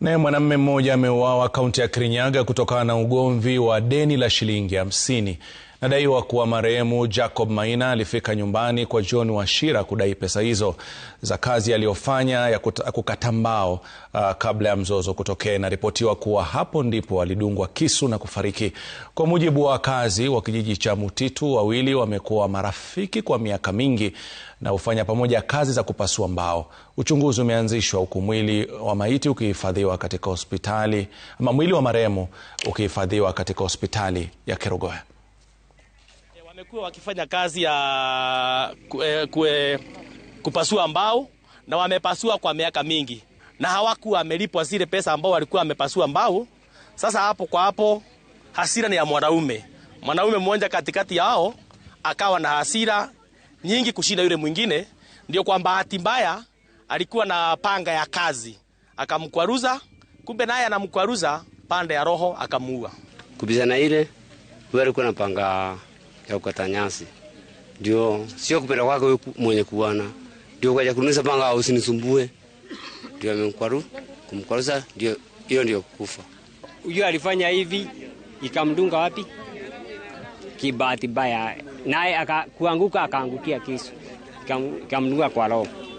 Naye mwanamume mmoja ameuawa kaunti ya Kirinyaga kutokana na ugomvi wa deni la shilingi hamsini. Nadaiwa kuwa marehemu Jacob Maina alifika nyumbani kwa John Wachira kudai pesa hizo za kazi aliyofanya ya, kukata mbao uh, kabla ya mzozo kutokea. Inaripotiwa kuwa hapo ndipo alidungwa kisu na kufariki. Kwa mujibu wa wakazi wa kijiji cha Mutitu, wawili wamekuwa marafiki kwa miaka mingi na hufanya pamoja kazi za kupasua mbao. Uchunguzi umeanzishwa huku mwili wa maiti ukihifadhiwa katika hospitali ama mwili wa marehemu ukihifadhiwa katika hospitali ya Kerugoya. Wamekuwa wakifanya kazi ya kue, eh, kue, eh, kupasua mbao na wamepasua kwa miaka mingi na hawakuwa wamelipwa zile pesa ambao walikuwa wamepasua mbao. Sasa hapo kwa hapo hasira ni ya mwanaume, mwanaume mmoja katikati yao akawa na hasira nyingi kushinda yule mwingine. Ndio kwa bahati mbaya alikuwa na panga ya kazi akamkwaruza, kumbe naye anamkwaruza pande ya roho akamuua. Kupizana ile walikuwa na panga ya kukata nyasi. Ndio sio kupenda kwake mwenye kuana Ndio kaja kunisa panga usinisumbue. Ndio amemkwaru kumkwaruza ndio hiyo ndio kufa. Huyo alifanya hivi ikamdunga wapi? Kibati baya. Naye akakuanguka akaangukia kisu. Ikamdunga kwa roho.